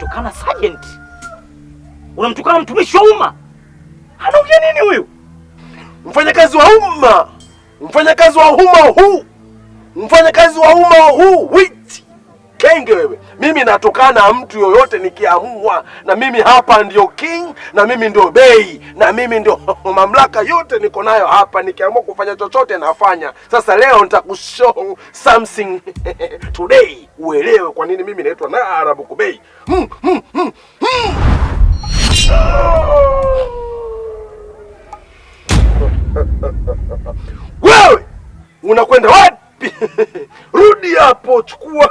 unamtukana sergeant, unamtukana mtumishi wa umma. Anaongea nini huyu? Mfanyakazi wa umma, mfanyakazi wa umma huu, mfanyakazi wa umma huu kenge wewe. Mimi natokana na mtu yoyote nikiamua, na mimi hapa ndio king, na mimi ndio bei, na mimi ndio mamlaka yote niko nayo hapa. Nikiamua kufanya chochote nafanya. Sasa leo nitakushow something today, uelewe kwa nini mimi naitwa na Arabu Kubei. Hmm, hmm, hmm, wewe unakwenda wapi? Rudi hapo, chukua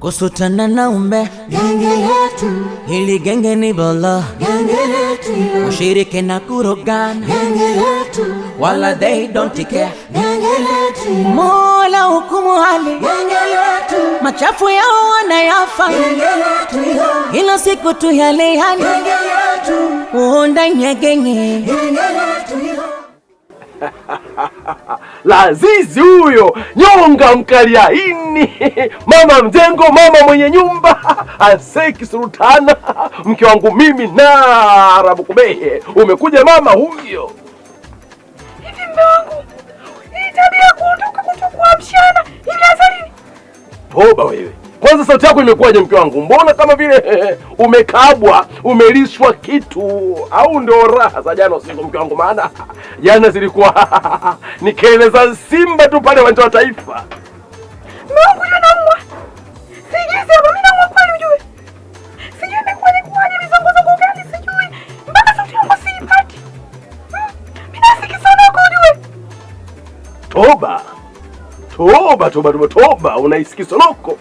kusutana na umbe. Genge letu hili, genge ni bolo, genge letu ushirike na kurogana, genge letu wala they don't care, genge letu mola hukumu hali, genge letu machafu yao wanayafa, genge letu hilo siku tu yale yale, genge letu uonda nyegenge, genge letu lazizi huyo nyonga mkaliaini mama mjengo mama mwenye nyumba aseki sultana mke wangu mimi arabu Kubehe, umekuja mama huyo. Hivi mme wangu, hii tabia kuondoka kutokuamshana imeanza lini? Toba wewe kwanza sauti yako imekuwaje mke wangu? Mbona kama vile umekabwa, umelishwa kitu au ndio raha za jana usiku mke wangu? Maana jana zilikuwa ni kelele za Simba tu pale uwanja wa Taifa. Mungu yule naumwa. Sijui sababu mimi naumwa kweli ujue. Sijui imekuwa ni kwaje mizango zangu gani sijui. Mpaka sauti yangu siipati. Hmm, mimi nasikia sana kwa ujue. Toba. Toba, toba, toba, toba. Unaisikia sonoko.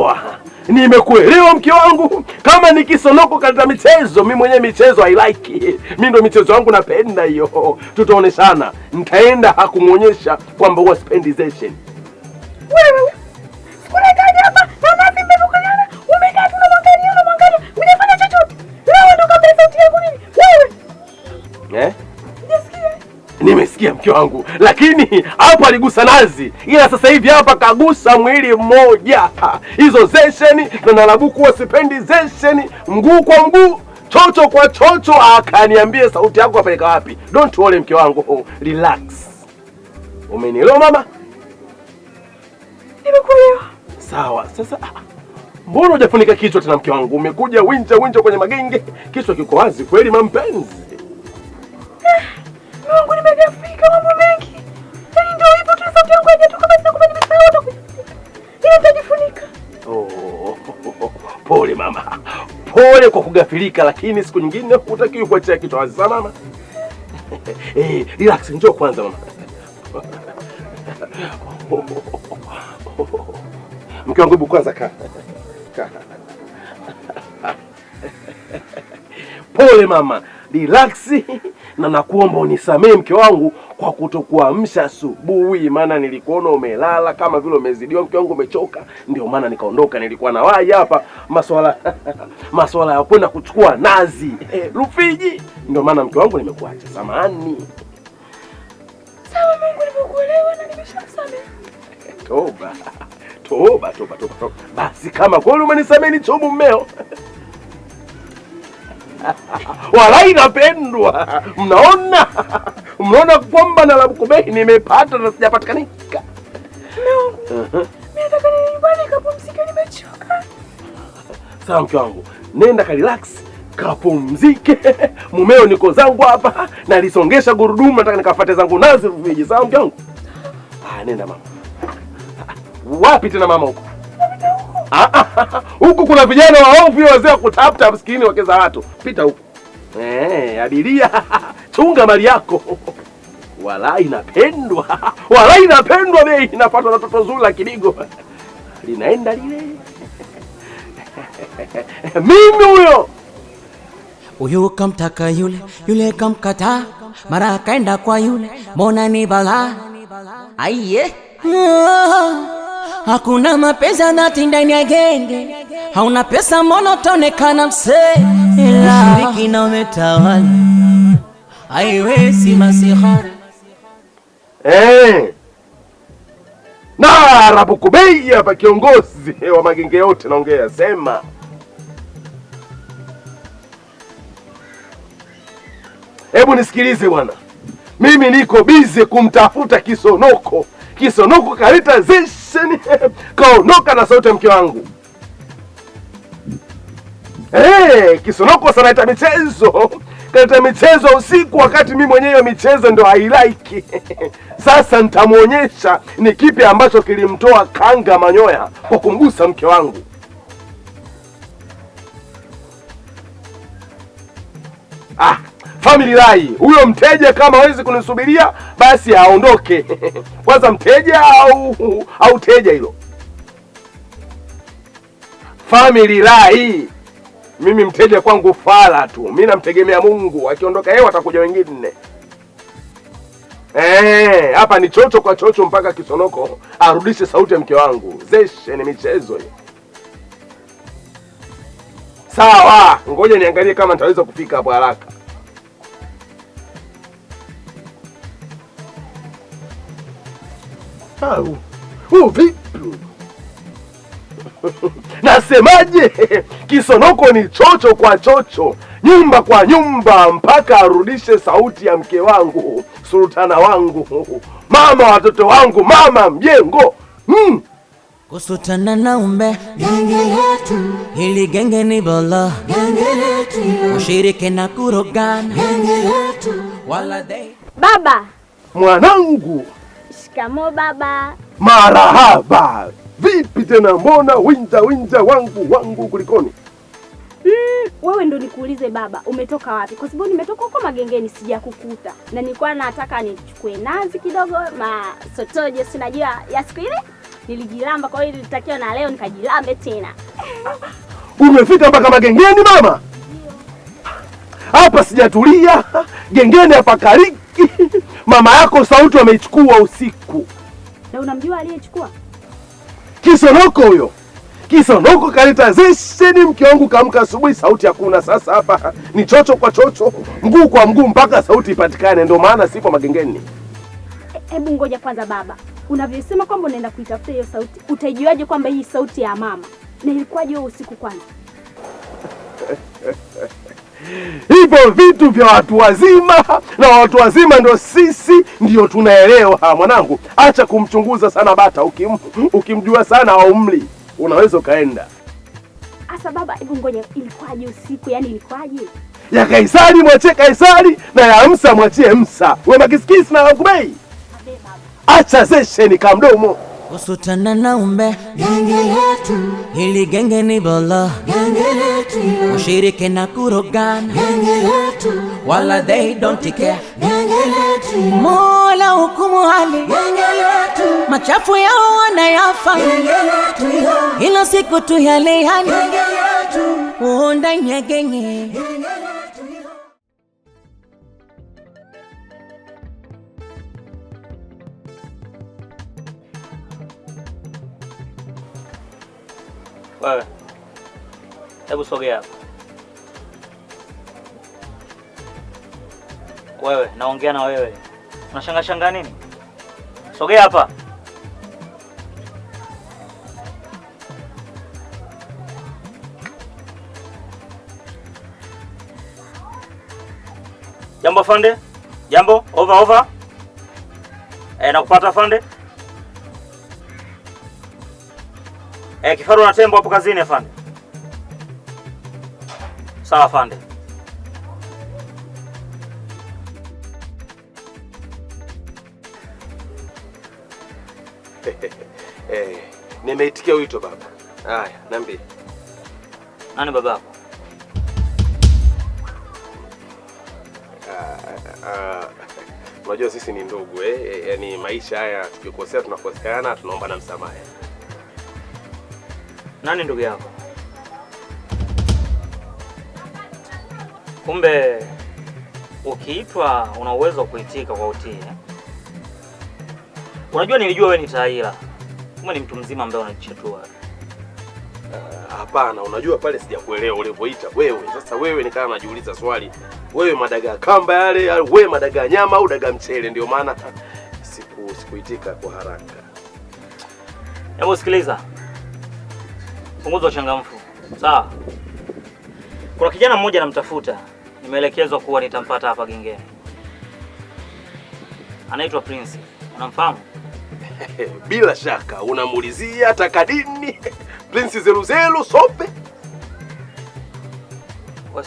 sawa. Nimekuelewa mke wangu, kama nikisonoko katika michezo, mi mwenyewe michezo like, mi, ndo michezo yangu napenda hiyo. Tutaoneshana, nitaenda hakumwonyesha kwamba huwa sipendi zeshen eh? Nimemsikia mke wangu, lakini hapo aligusa nazi, ila sasa hivi hapa kagusa mwili mmoja. Hizo zesheni na narabuku wasipendi zesheni, mguu kwa mguu chocho kwa chocho. Akaniambie ah, sauti yako apeleka wapi? Don't worry mke wangu, relax. Umenielewa mama? Nimekuelewa. Sawa. Sasa ah, mbona hujafunika kichwa tena mke wangu? Umekuja winja winja kwenye magenge, kichwa kiko wazi kweli mampenzi. wewe kwa kugafilika, lakini siku nyingine hutakiwi kuachia kitu wazi sana mama. Eh, relax, njoo kwanza mama. Mke wangu, hebu kwanza kaa. Pole mama, relax na nakuomba unisamee mke wangu kwa kutokuamsha asubuhi, maana nilikuona umelala kama vile umezidiwa. Mke wangu umechoka, ndio maana nikaondoka. Nilikuwa na wahi hapa maswala maswala ya kwenda kuchukua nazi eh, Rufiji, ndio maana mke wangu nimekuacha. Samahani. Sawa, Mungu nimekuelewa na Toba, toba, toba, toba, toba. Basi kama kweli umenisamehe, ni chobu mmeo Walai napendwa, mnaona mnaona kwamba na Labukubei nimepata na sijapatikanika. Sawa mke wangu, nenda ka relax kapumzike. Mumeo niko zangu hapa, nalisongesha gurudumu, nataka nikafate zangu nazi rufiji. Sawa mke wangu. Ah, nenda mama. Wapi tena mama huko? Ah, ah. huku kuna vijana waovu wazee kutafuta kutapta wake wakeza watu. Pita huku eh, abiria chunga mali yako wala inapendwa wala inapendwa, bei inapatwa na toto zuri la kidigo linaenda lile. Mimi huyo huyu kamtaka yule yule, kamkataa mara akaenda kwa yule, mbona ni balaa aiye Hakuna mapenzi ya dhati ndani ya genge, hauna pesa mbona utaonekana Ila shiriki na umetawala, haiwezi masihara. Na eh. Narabuku Kubei hapa, kiongozi eh, wa magenge yote, naongea sema Hebu nisikilize bwana, mimi niko bize kumtafuta Kisonoko. Kisonoko kaleta zishi Hussein kaondoka na sauti ya mke wangu. Hey, Kisonoko sanaleta michezo kaleta michezo usiku, wakati mwenye mwenyewe michezo ndo hailaiki. Sasa ntamwonyesha ni kipi ambacho kilimtoa kanga manyoya kwa kumgusa mke wangu. family lai Huyo mteja kama hawezi kunisubiria basi aondoke kwanza mteja au au teja, hilo family rai Mimi mteja kwangu fala tu, mimi namtegemea Mungu, akiondoka yeye watakuja wengine. Eh, hapa ni chocho kwa chocho mpaka Kisonoko arudishe sauti ya mke wangu. Zeshe ni michezo hiyo. Sawa, ngoja niangalie kama nitaweza kufika hapo haraka. au huu vipi? Nasemaje? Kisonoko ni chocho kwa chocho, nyumba kwa nyumba, mpaka arudishe sauti ya mke wangu, sultana wangu, mama watoto wangu, mama mjengo mm. Kusutana na umbe genge letu, hili genge ni bolo genge letu, ushirike na kurogana genge letu, wala dei. Baba mwanangu Shikamoo baba. Marahaba. Vipi tena, mbona winja winja wangu wangu kulikoni? Mm, wewe ndo nikuulize baba, umetoka wapi? Kwa sababu nimetoka huko magengeni, sijakukuta na nilikuwa nataka nichukue nazi kidogo, masotoje, najua ya siku ile nilijilamba, kwa hiyo nilitakiwa na leo nikajilambe tena. Umefika mpaka magengeni mama? Hapa sijatulia, gengeni hapa kariki Mama yako Sauti wameichukua usiku. Na unamjua aliyechukua? Kisonoko huyo. Kisonoko kaleta zesheni, mke wangu kaamka asubuhi, Sauti hakuna. Sasa hapa ni chocho kwa chocho, mguu kwa mguu mpaka Sauti ipatikane, ndio maana sipo magengeni. E, hebu ngoja kwanza baba, unavyosema kwamba unaenda kuitafuta hiyo Sauti, utaijuaje kwamba hii Sauti ya mama na ilikuwaje usiku kwanza? hivyo vitu vya watu wazima, na watu wazima ndio sisi, ndio tunaelewa. Mwanangu, acha kumchunguza sana bata. Ukim, ukimjua sana au mli unaweza ukaenda. Asa baba, hebu ngoja, ilikwaje usiku? Yani ilikwaje? ya Kaisari mwachie Kaisari na ya Msa mwachie Msa. We makisikisi na wakubei, acha zesheni kamdomo Usutana na umbe genge letu, hili genge ni bolo genge letu, ushirike na kurogana genge letu, wala they don't care genge letu, Mola hukumu hali genge letu, machafu yao wanayafa genge letu, ila siku tu yale genge letu, uonda nyegenge Wewe hebu sogea hapa. Wewe naongea na wewe, unashanga shanga nini? Sogea hapa. Jambo Fande, jambo. Over over. Eh, nakupata Fande. Eh, kifaru na tembo hapo kazini afande. Sawa afande. Eh, nimeitikia wito baba. Haya, niambie. Nani baba ah, ah, ah. Unajua sisi ni ndugu eh, yaani maisha haya tukikosea tunakoseana, tunaomba na msamaha. Nani ndugu yako? Kumbe ukiitwa una uwezo wa kuitika kwa utii. Eh? Unajua, nilijua wewe ni taila, kumbe ni mtu mzima ambaye unajichetua. Ah, hapana, unajua pale sijakuelewa ulivyoita wewe. Sasa wewe nikaa najiuliza swali, wewe madagaa kamba yale wewe madagaa nyama au daga mchele? Ndio maana sikuitika kwa haraka. Hebu sikiliza punguza uchangamfu sawa. Kuna kijana mmoja namtafuta, nimeelekezwa kuwa nitampata hapa gengeni, anaitwa Prince, unamfahamu? Bila shaka unamuulizia takadini Prince Zeluzelu Sope.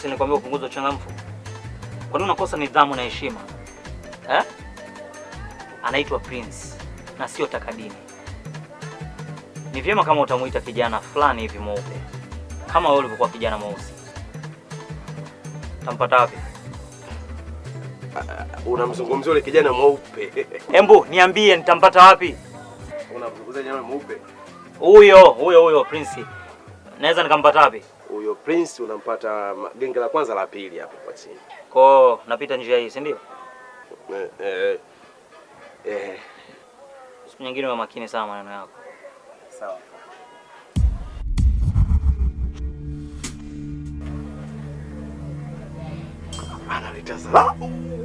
ni nikwambia upunguza uchangamfu. Kwa nini unakosa nidhamu na heshima eh? Anaitwa Prince na sio takadini ni vyema kama utamuita kijana fulani hivi mweupe kama wewe ulivyokuwa kijana mweusi. Utampata wapi? Uh, unamzungumzia yule kijana mweupe? Embu niambie nitampata wapi? Unamzungumzia kijana mweupe? Huyo huyo huyo Prince. Naweza nikampata wapi? Huyo Prince unampata genge la kwanza la pili hapo kwa chini. Kwa napita njia hii, si ndio? Eh, eh, eh. Siku nyingine wa makini sana maneno yako sawa.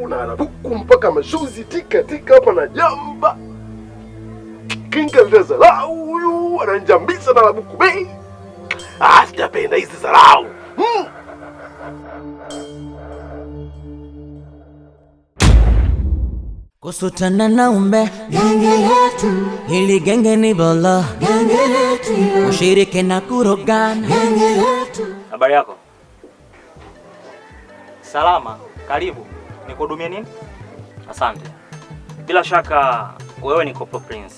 na huku mpaka mashuzi tika tika hapa na jamba kinga lile zarau, huyu ananjambisa na labuku bei. Ah, sijapenda hizi zarau. Kusutana na umbe genge letu, hili genge ni bolo genge letu, ushiriki na kurogana genge letu. Habari yako? Salama, karibu. Nikuhudumie nini? Asante. Bila shaka wewe ni Kopo Prince.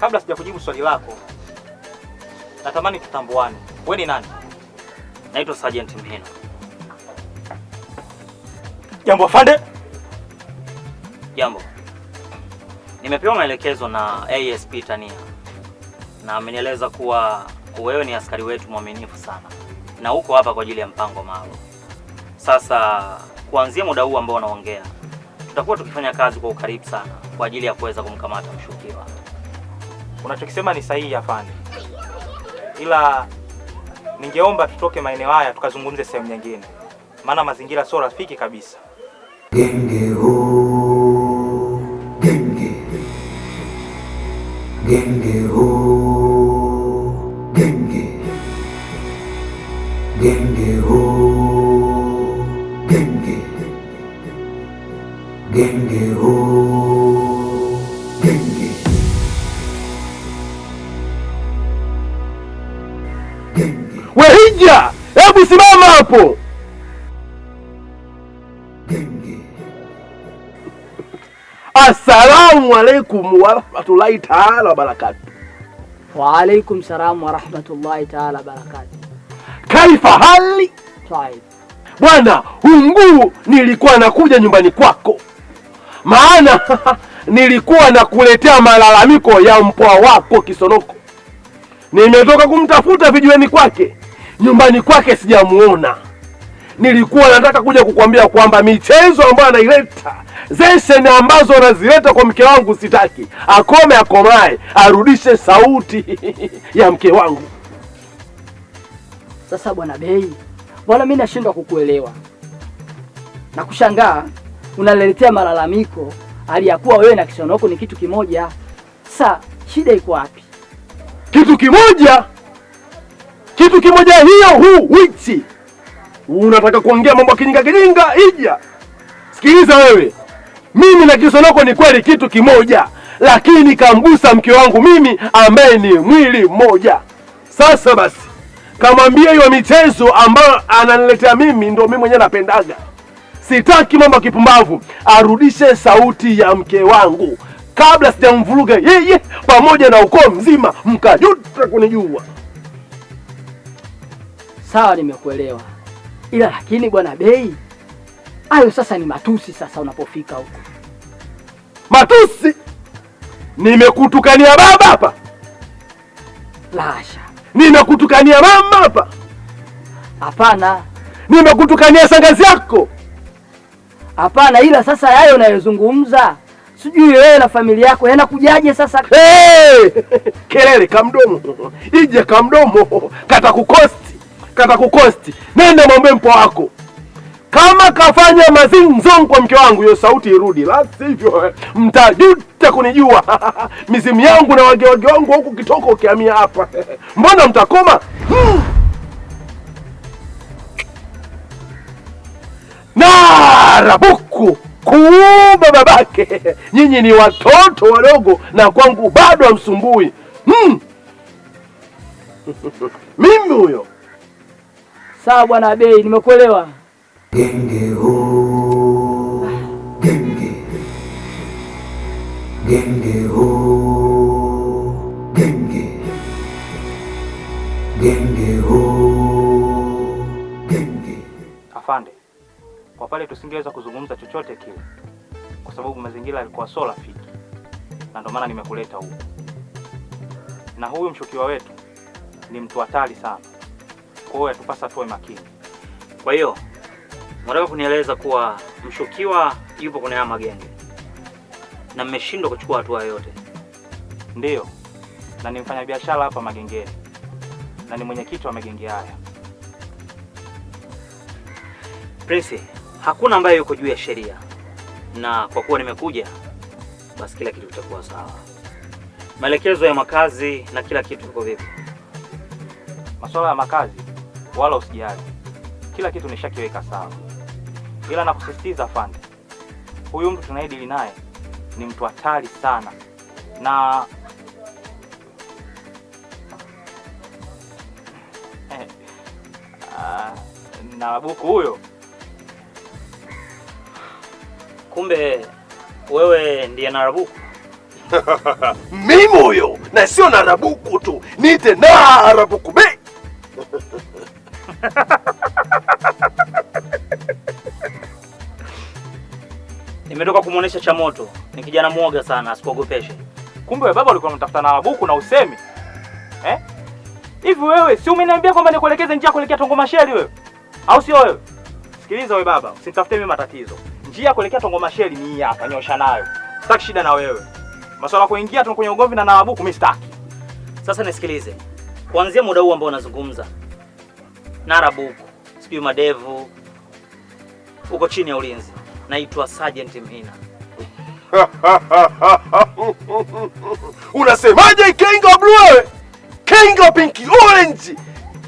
Kabla sija kujibu swali lako, natamani tutambuane. Wewe ni nani? Naitwa Sergeant Mheno. Jambo afande. Jambo. Nimepewa maelekezo na ASP Tania na amenieleza kuwa wewe ni askari wetu mwaminifu sana na uko hapa kwa ajili ya mpango maalum. Sasa kuanzia muda huu ambao unaongea, tutakuwa tukifanya kazi kwa ukaribu sana kwa ajili ya kuweza kumkamata mshukiwa. Unachokisema ni sahihi afande, ila ningeomba tutoke maeneo haya tukazungumze sehemu nyingine, maana mazingira sio rafiki kabisa. எங்கே ஓ Assalamu alaikum warahmatullahi taala wabarakatu. Wa alaikum salam warahmatullahi taala wabarakatu. Kaifa hali bwana, hunguu nilikuwa nakuja nyumbani kwako, maana nilikuwa nakuletea malalamiko ya mpwa wako Kisonoko. Nimetoka kumtafuta vijiweni kwake, nyumbani kwake sijamuona nilikuwa nataka kuja kukuambia kwamba michezo ambayo anaileta zesheni ambazo anazileta kwa mke wangu sitaki. Akome akomae, arudishe sauti ya mke wangu. Sasa bwana Bei, mbona mimi nashindwa kukuelewa na kushangaa? Unaletea malalamiko aliyakuwa wewe na kisono wako ni kitu kimoja. Sa shida iko wapi? Kitu kimoja, kitu kimoja hiyo huu wichi Unataka kuongea mambo ya kijinga kijinga ija. Sikiliza wewe, mimi na Kiso lako ni kweli kitu kimoja, lakini kamgusa mke wangu mimi ambaye ni mwili mmoja. Sasa basi kamwambia hiyo michezo ambayo ananiletea mimi ndio mimi mwenyewe napendaga. Sitaki mambo ya kipumbavu, arudishe sauti ya mke wangu kabla sijamvuruga yeye pamoja na ukoo mzima mkajuta kunijua. Sawa, nimekuelewa ila lakini bwana bei hayo sasa ni matusi. Sasa unapofika huko matusi, nimekutukania baba hapa, lasha, nimekutukania mama hapa, hapana, nimekutukania sangazi yako, hapana. Ila sasa yayo unayozungumza sijui wewe na familia yako yanakujaje sasa? Hey! kelele kamdomo ije kamdomo katakukosti katakukosti. Nenda mwambie mpo wako kama kafanya mazinzong kwa mke wangu, hiyo sauti irudi, la sivyo eh, mtajuta kunijua. mizimu yangu na wage wage wangu huku kitoko ukihamia hapa mbona mtakoma? narabuku kuuba babake, nyinyi ni watoto wadogo na kwangu bado hamsumbui. Hmm. mimi huyo Sawa bwana Bei, nimekuelewa. Genge o genge, genge o genge, genge o genge. Afande, kwa pale tusingeweza kuzungumza chochote kile kwa sababu mazingira yalikuwa sio rafiki, na ndio maana nimekuleta huku, na huyu mshukiwa wetu ni mtu hatari sana. Kwa hiyo yatupasa tuwe makini. Kwa hiyo mnataka kunieleza kuwa mshukiwa yupo kwenye haya magenge na mmeshindwa kuchukua hatua yoyote? Ndiyo, na ni mfanyabiashara hapa magengeni na ni mwenyekiti wa magenge haya. Prince, hakuna ambaye yuko juu ya sheria, na kwa kuwa nimekuja, basi kila kitu kitakuwa sawa. Maelekezo ya makazi na kila kitu kiko vipi? Masuala ya makazi wala usijali, kila kitu nishakiweka sawa, ila nakusisitiza fande huyu mtu tunayedili naye ni mtu hatari sana na eh, na huyo. Kumbe wewe ndiye Narabuku? Mimi huyo, na sio Narabuku tu, nite Narabuku be Nimetoka kumuonesha cha moto, ni kijana mwoga sana, asikuogopeshe. Kumbe wewe baba ulikuwa unamtafuta na Labuku na usemi eh? hivi eh? Wewe si umeniambia kwamba nikuelekeze njia kuelekea Tongomasheli wewe, au sio? Wewe sikiliza, wewe baba, usinitafute mimi matatizo. Njia ya kuelekea Tongomasheli ni hii hapa, nyosha nayo, sitaki shida na wewe. Masuala kuingia tu kwenye ugomvi na Labuku mimi sitaki. Sasa nisikilize, kuanzia muda huu ambao unazungumza Narabu huko sijui Madevu huko chini ya ulinzi, naitwa Sergeant Mhina. Unasemaje? of blue, of pinki, orange,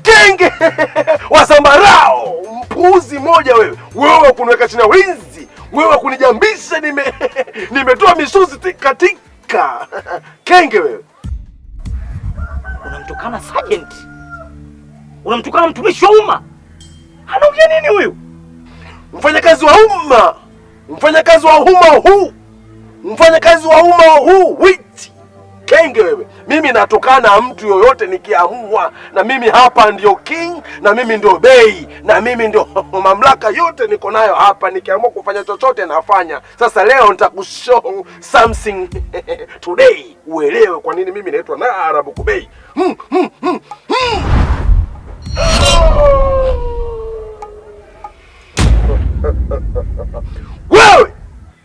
kenge wa zambarao. Mpuuzi moja wewe, wewe kuniweka chini ya ulinzi, wewe kunijambisha, nime nimetoa misuzi tikatika. Kenge wewe, unamtukana sergeant unamtukana mtumishi wa umma. Anaongea nini huyu? Mfanyakazi wa umma, mfanyakazi wa umma huu, mfanyakazi wa umma huu witi kenge wewe. Mimi natokana na mtu yoyote nikiamua, na mimi hapa ndio king, na mimi ndio bei, na mimi ndio mamlaka yote niko nayo hapa. Nikiamua kufanya chochote nafanya. Sasa leo nitakushow something today, uelewe kwa nini mimi naitwa Narabuku Bey. hmm, hmm, hmm, hmm. Wewe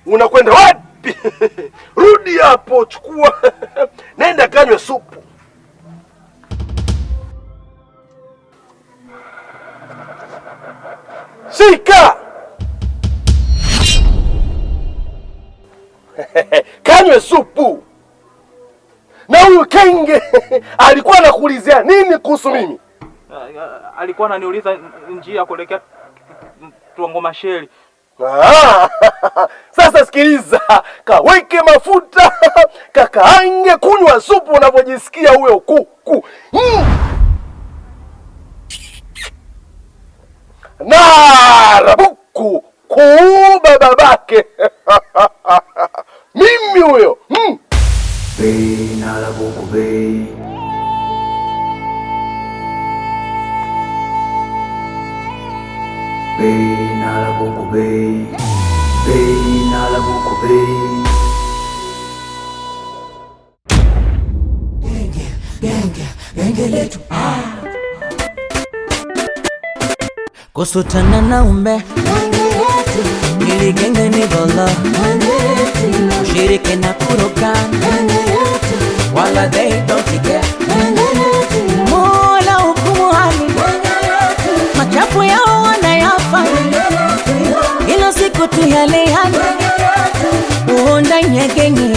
unakwenda wapi? Rudi hapo, chukua nenda kanywe supu. Shika kanywe supu. Na huyu kenge alikuwa anakuulizia nini kuhusu mimi? Uh, alikuwa ananiuliza njia kuelekea Tuangomasheli. Ah! sasa sikiliza, kaweke mafuta kakaange, kunywa supu unavyojisikia huyo kuku mm. na rabuku kuu mimi huyo mm. Sultana Naumbe, niligenge ni bolo, ushirike na kurukan, wala they don't Mola hukumu machafu yao wanayafanya, ila siku tu yale yale,